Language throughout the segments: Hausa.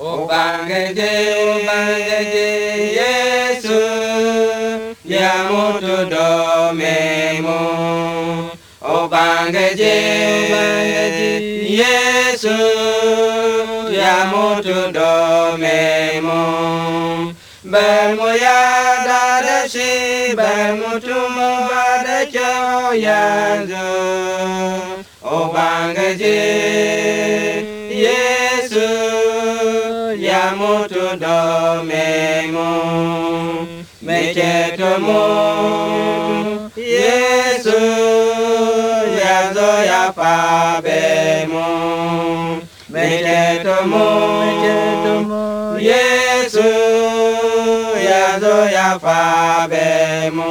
Ubangiji, Ubangiji Yesu ya mutu domemu. Ubangiji, Ubangiji Yesu ya mutu domemu. Bermuya dadashi, bermutu mubadacho yanzu. Ubangiji Yesu ya mu tu do me mu me che tu mu Yesu ya zo ya pa be mu me che tu mu Yesu ya zo ya pa be mu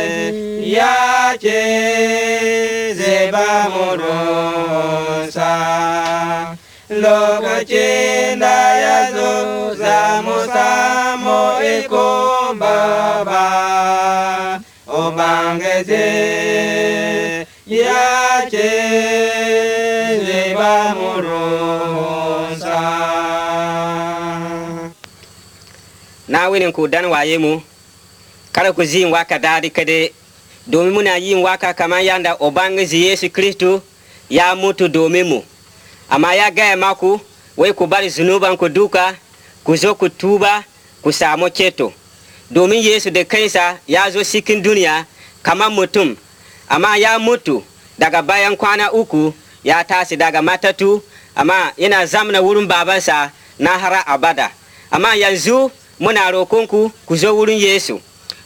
ya che ze ba mu ro sa lo ka che na ya zo za mu sa mo e ko ba ba o bang ge ze ya che ze ba mu ro sa na winin ku dan waye mu kada ku zin wa kadari kade domin muna yin waka kamar yadda ubangiji yesu kristo ya mutu domin mu amma ya gaya maku wai ku bari ku duka ku zo ku tuba ku samu ceto domin yesu da kaisa ya zo cikin duniya kamar mutum amma ya mutu daga bayan kwana uku ya tasi daga matatu amma yana zamna wurin babansa na hara abada amma yanzu muna rokonku ku zo wurin yesu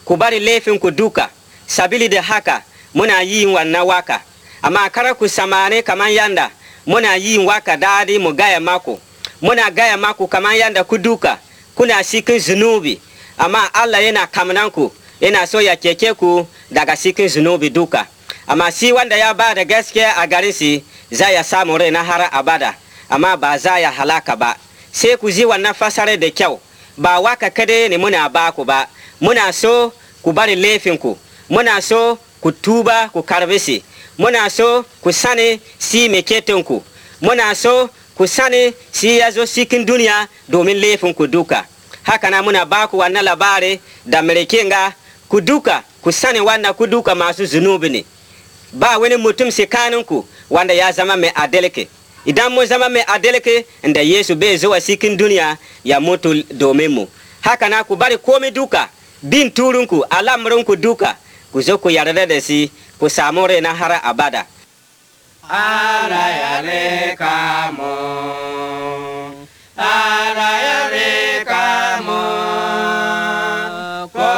ku bari laifinku duka sabili da haka muna yin wannan waka amma kar ku samane kaman yanda muna yin waka dadi mu gaya maku muna gaya maku kaman yanda ku duka kuna cikin zunubi amma Allah yana kamnan ku yana so ya keke ku daga cikin zunubi duka amma shi wanda ya ba da gaskiya a garin shi za ya samu rai na har abada amma ba za ya halaka ba sai ku ji wannan fasare da kyau ba waka kada ne muna ba ku ba muna so ku bari ku muna so ku tuba ku karbisi muna so ku sani si me ketonku muna so ku sane si yazo zo duniya domin laifin ku duka haka na muna ba ku wannan labari da merekenga ku duka ku sane wannan ku duka masu zunubi ne ba wani mutum ku wanda ya zama mai adalke idan mun zama mai adalke da yesu bai zuwa sikin duniya ya mutu domin mu haka na ku bari komai duka bin turinku alamurinku duka ku zo ku yarda da e shi abada Allah ya rika mu Allah ya rika mu ko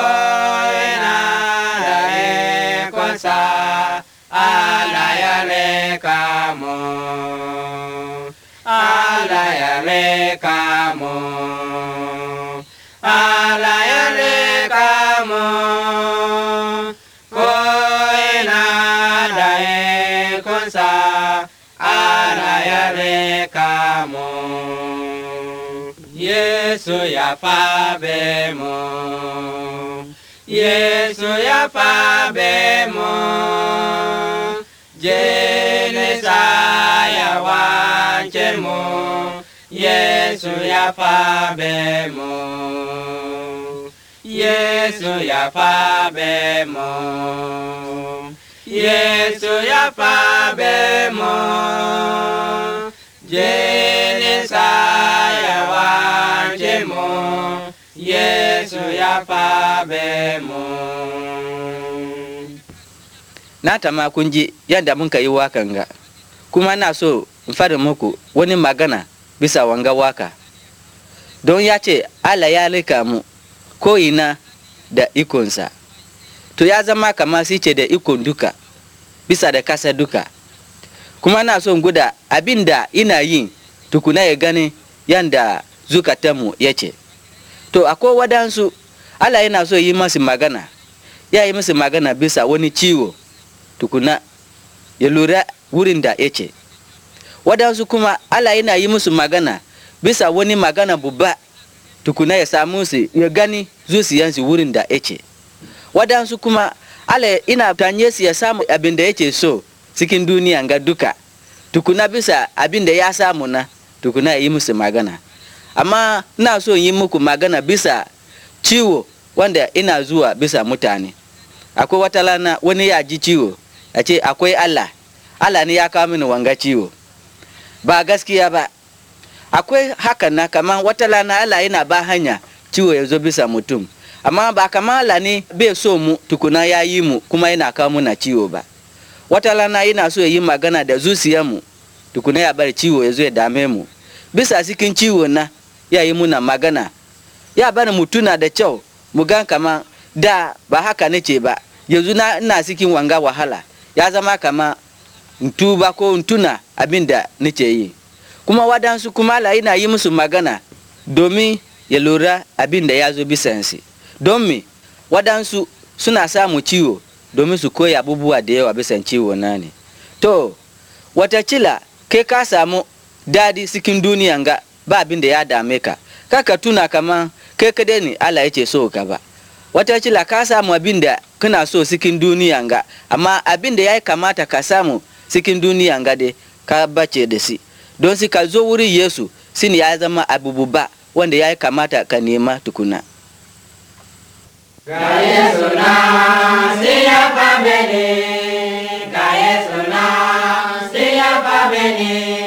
ina da ikonsa Allah ya rika Yesu yapa bemo. Yesu yapa bemo. Jenesa ya wanchemo. Yesu yapa bemo. Yesu yapa bemo. Yesu yapa bemo. jenesaya wanjemo yesu yafabemu na tama kun ji yadda ka yi wakan ga kuma na so in fara muku wani magana bisa wanga waka don ya ce allah ya rika mu ko'ina da ikonsa to ya zama kamar sice da ikon duka bisa da kasa duka kuma na son guda abin da ina yin tukuna ya gani yanda zukatanmu ya ce to akwai wadansu allah yana so yi masu magana ya yi masu magana bisa wani ciwo tukuna ya lura wurin da ya ce wadansu kuma allah yana yi musu magana bisa wani magana buba tukuna ya samu su ya gani zuciyansu wurin da ya ce wadansu kuma allah ina tanye su ya samu abin da ce so cikin duniya ga duka tukuna bisa abin da ya samu na tukuna yi musu magana amma na so yi muku magana bisa ciwo wanda ina zuwa bisa mutane akwai wata lana wani ya ji ciwo a ce akwai allah allah ne ya kawo mini wanga ciwo ba gaskiya ba akwai haka na kama wata lana allah yana ba hanya ciwo ya zo bisa mutum amma ba kama allah ne bai so mu tukuna ya yi mu kuma yana kawo na ciwo ba wata rana yana so ya yi magana da zuciyarmu tukuna ya bar ciwo ya zo ya dame mu bisa cikin ciwo na ya yi muna magana ya bar mu tuna da kyau mu gan kama da ba haka nace ba yanzu na ina cikin wanga wahala ya zama kama ntuba tuba ko ntuna tuna abin da nace yi kuma wadansu kuma la ina yi musu magana domin ya lura abinda da ya zo bisansi don me wadansu suna samu ciwo domin su koya abubuwa da yawa bisan ciwo na ne to watakila kai ka samu dadi cikin duniyan ga ba abin da ya dame ka ka tuna kaman kai kadai ne Allah ce so ka ba watakila ka samu abin da kana so cikin duniyan ga amma abin da ya kamata ka samu cikin duniyan ga dai ka bace da si don si ka zo wurin Yesu sin ya zama abubu ba wanda ya kamata ka nema tukuna Kaye suna siya pamene, kaye suna siya pamene.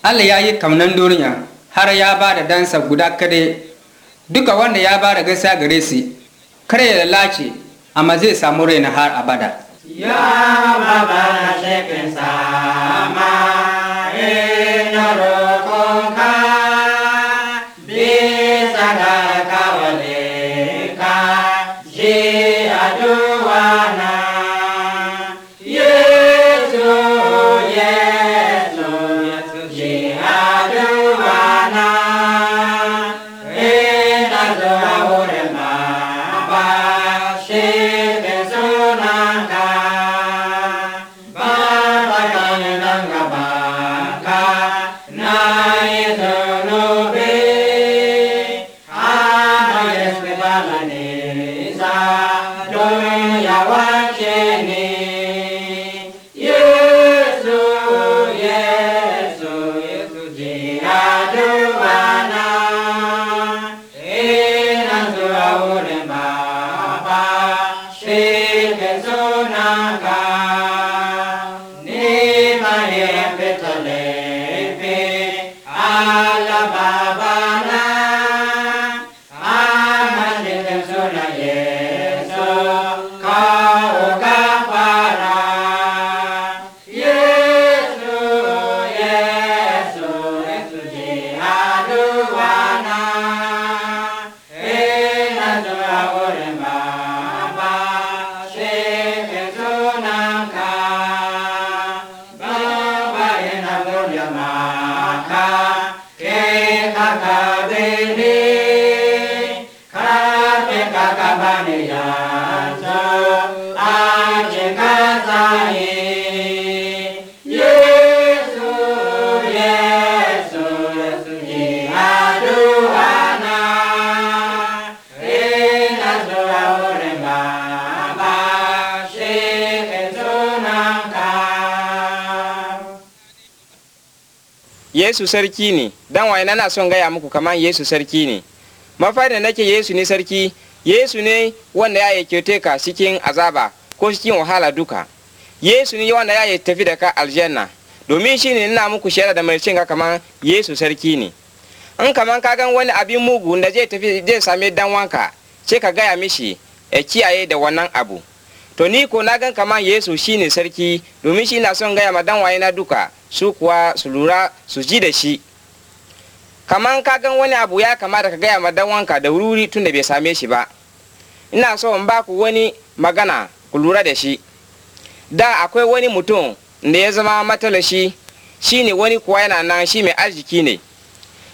Allah ya yi kamnan duniya har ya ba da dansa guda kare duka wanda ya ba da gaisa gare su kare ya lalace amma zai samu raina har abada ya baba shekin sama Naga. yesu sarki ne dan wai na son gaya muku kamar yesu sarki ne Mafaɗin nake yesu ne sarki yesu ne wanda ya yi kyote ka cikin azaba ko cikin wahala duka yesu ne wanda ya yi tafi da ka aljanna domin shi ne ina muku shaida da mai cinka kamar yesu sarki ne in kamar ka gan wani abin mugu da zai tafi same dan wanka ce ka gaya mishi ya e kiyaye da wannan abu to ni ko na gan kaman yesu shi ne sarki domin shi na son gaya ma dan waye na duka su kuwa su lura su ji da shi kaman ka gan wani abu ya kamata ka gaya ma dan wanka da wuri tun da bai same shi ba ina so in ba ku wani magana ku lura da shi da akwai wani mutum da ya zama matalashi shine wani kuwa yana nan shi mai arziki ne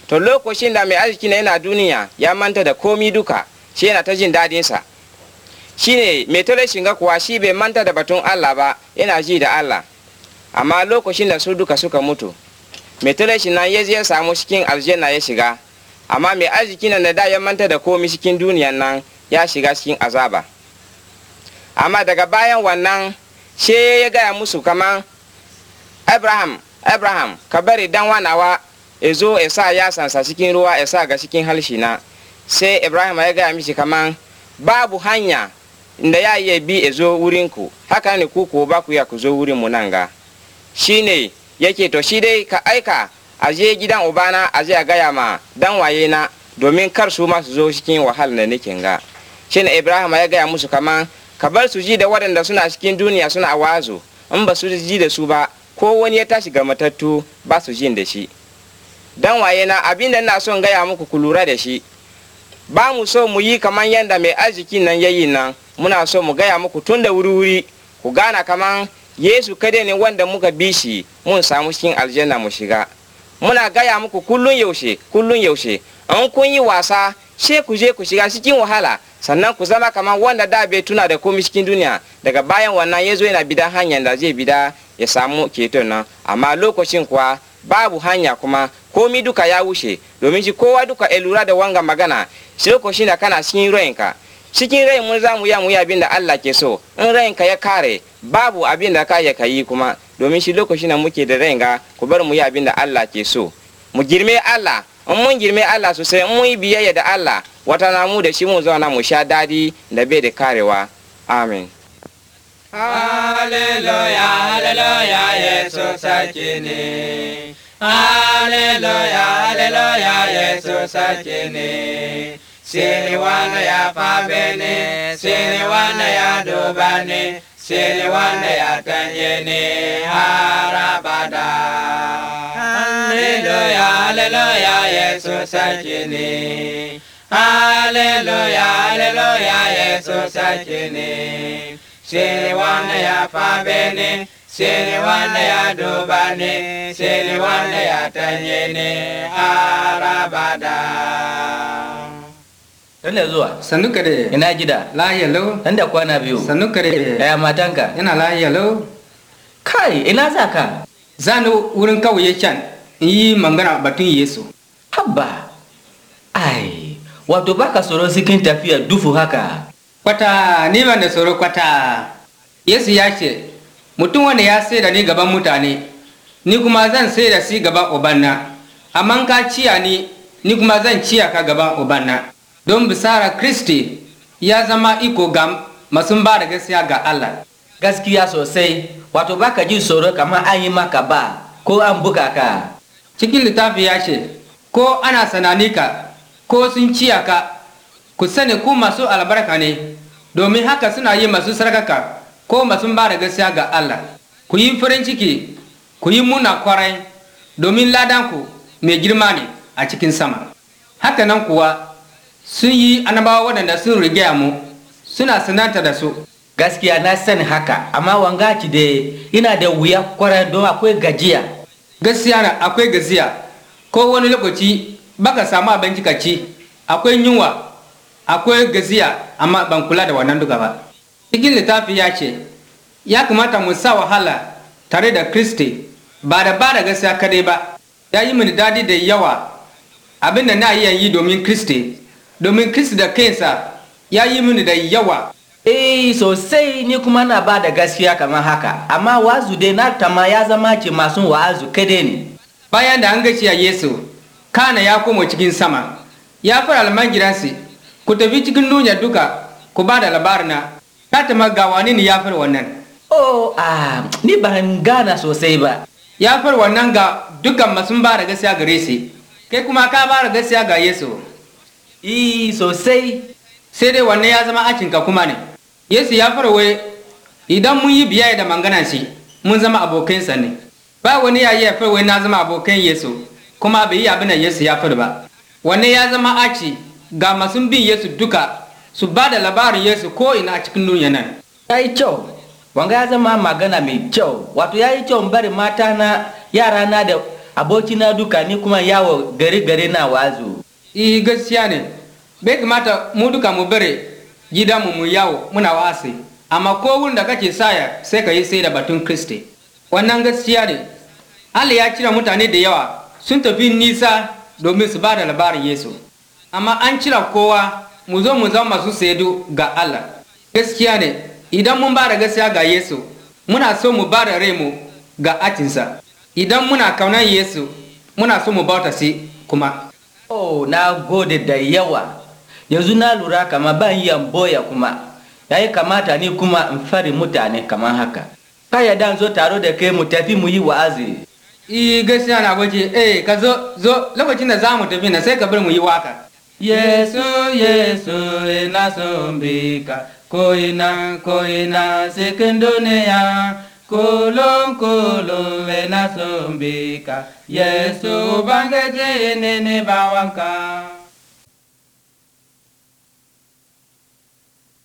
to lokacin da mai arziki na yana duniya ya manta da komi duka shi yana ta jin daɗinsa shine mai talaucin ga kuwa shi bai manta da batun Allah ba yana ji da Allah amma lokacin da su duka suka mutu mai shi nan ya ya samu cikin aljanna ya shiga amma mai arziki nan da ya manta da komi cikin duniyan nan ya shiga cikin azaba amma daga bayan wannan she ya gaya musu kaman abraham abraham ka bari dan wanawa ya zo ya sa sansa cikin ruwa ya sa ga cikin na sai ibrahim ya gaya mishi kama babu hanya da ya iya bi a e zo wurinku haka ne ku ko ba ku ya ku zo wurin mu nan ga shine yake to shi dai ka aika a je gidan ubana a je a gaya ma dan waye na domin kar su ma su zo cikin wahal da nake ga shine ibrahim ya gaya musu kama ka bar su ji da waɗanda suna cikin duniya suna wazu wazo in ba su ji da su ba ko wani ya tashi ga matattu ba su jin da shi dan waye na abin da ina son gaya muku ku lura da shi ba mu so mu yi kaman yanda mai arzikin nan yayi nan muna so mu gaya muku tun da wuri-wuri ku gana kaman yesu kada ne wanda muka bi shi mun samu cikin aljanna mu shiga muna gaya muku kullun yaushe kullun yaushe an kun yi wasa she ku je ku shiga cikin wahala sannan ku zama kamar wanda da bai tuna da komi cikin duniya daga bayan wannan ya zo yana bidan hanyar da zai bida ya samu keton nan amma lokacin kuwa babu hanya kuma komi duka ya wuce domin shi kowa duka ya lura da wanga magana shi lokacin da kana cikin ruwanka cikin rai mun za mu ya mu yi abin da Allah ke so in rain ka ya kare babu abin da ka ya kayi kuma domin shi lokacin da muke da rain ga ku bar mu yi abin da Allah ke so mu girme Allah in mun girme Allah sosai in mun yi biyayya da Allah wata na mu da shi mu zauna mu sha dadi da bai da karewa amin Hallelujah, hallelujah, Yesu sarki Hallelujah, hallelujah, Yesu sarki ne. Siniwana Fabene, Siniwana Dubane, Siniwana Tanyene, Harabada. Hallelujah, Hallelujah, Jesus Sakini. Hallelujah, Hallelujah, Jesus Sakini. Siniwana Fabene, Siniwana Dubane, Siniwana Tanyene, Harabada. Sannu zuwa. Sannu kare. Ina gida. Lahiya lau. Nan da kwana biyu. Sannu kare. dai. Yaya matanka? Ina lahiya lau. Kai, ina za ka? Za ni wurin kawai can in yi mangana batun Yesu. Habba. Ai, wato ka soro cikin tafiya dufu haka. Kwata, ni ban da tsoro kwata. Yesu ya ce, mutum wanda ya sai da ni gaban mutane, ni kuma zan sai da si gaban ubanna. Amma ka ciya ni, ni kuma zan ciya ka gaban ubanna. don bisara kristi ya zama iko ga masu ba da gaskiya ga allah gaskiya sosai wato baka ji tsoro kamar an yi maka ba ko an buga ka cikin littafi ya ce ko ana sanani ka ko sun ciya ka ku sani ku masu albarka ne domin haka suna yi masu sarkaka ko masu ba da gaskiya ga Allah ku yi farin ciki ku yi muna kwarai domin ladanku mai girma ne a cikin sama haka nan kuwa sun yi annabawa waɗanda sun rige mu suna sananta da su gaskiya na sani haka amma wangaci da yana da wuya kwarar don akwai gajiya gaskiya na akwai gajiya ko wani lokaci baka samu abinci ka ci akwai yunwa akwai gaziya, amma ban kula da wannan duka ba cikin littafi ya ce ya kamata mu sa wahala tare da kristi ba da ba da gaskiya kadai ba ya yi mini dadi da yawa abin da na iya yi domin kristi domin Kristi da kansa ya yi mini da yawa. Eh sosai ni kuma na ba da gaskiya kamar haka, amma wazu dai na tama ya zama ce masu wa'azu kade ne. Bayan da an a Yesu, kana ya komo cikin sama, ya fara alman gidansu, ku tafi cikin duniya duka, ku ba da labarina, na tama ga wani ne ya fara wannan. Oh, ah, ni ban gana sosai ba. Ya fara wannan ga dukkan masu ba da gaskiya gare shi, kai kuma ka ba da gaskiya ga Yesu. E, sosai, sai dai wannan ya zama akinka kuma ne. Yesu ya farwe idan mun yi biyayya da mangana shi mun zama sa ne. Ba wani ya yi ya farwe na zama abokan Yesu kuma bai yi abin da Yesu ya far ba. Wannan ya zama aci ga masu bin Yesu duka su ba da labarin Yesu ko ina a cikin duniya nan. Ya yi kyau, wanga ya zama magana mai kyau, wato ya yi kyau bari mata na yara na da abokina duka ni kuma yawo gari gari na wazo. yi gaskiya ne bai kamata mu duka mu bare gida mu yawo muna wasi amma ko wurin da kake saya sai ka yi sai da batun kristi wannan gaskiya ne allah ya cire mutane da yawa sun tafi nisa domin su ba da labarin yesu amma an cira kowa mu zo mu zama masu saidu ga allah gaskiya ne idan mun ba da gaskiya ga yesu muna so mu ba da raimu ga atinsa idan muna kaunar yesu muna so mu bauta si kuma oh na gode da yawa yanzu na lura kama ban iya boya kuma yayi kamata ni kuma in fari mutane kaman haka kaya dan zo taro da kai mu tafi mu yi wa'azi i gaskiya na gwaje eh ka zo zo lokacin da zamu tafi na sai ka bar mu yi waka yesu yesu ina son bika koina koina cikin duniya kulum kulum vena sumbika yesu bangeje nene bawanka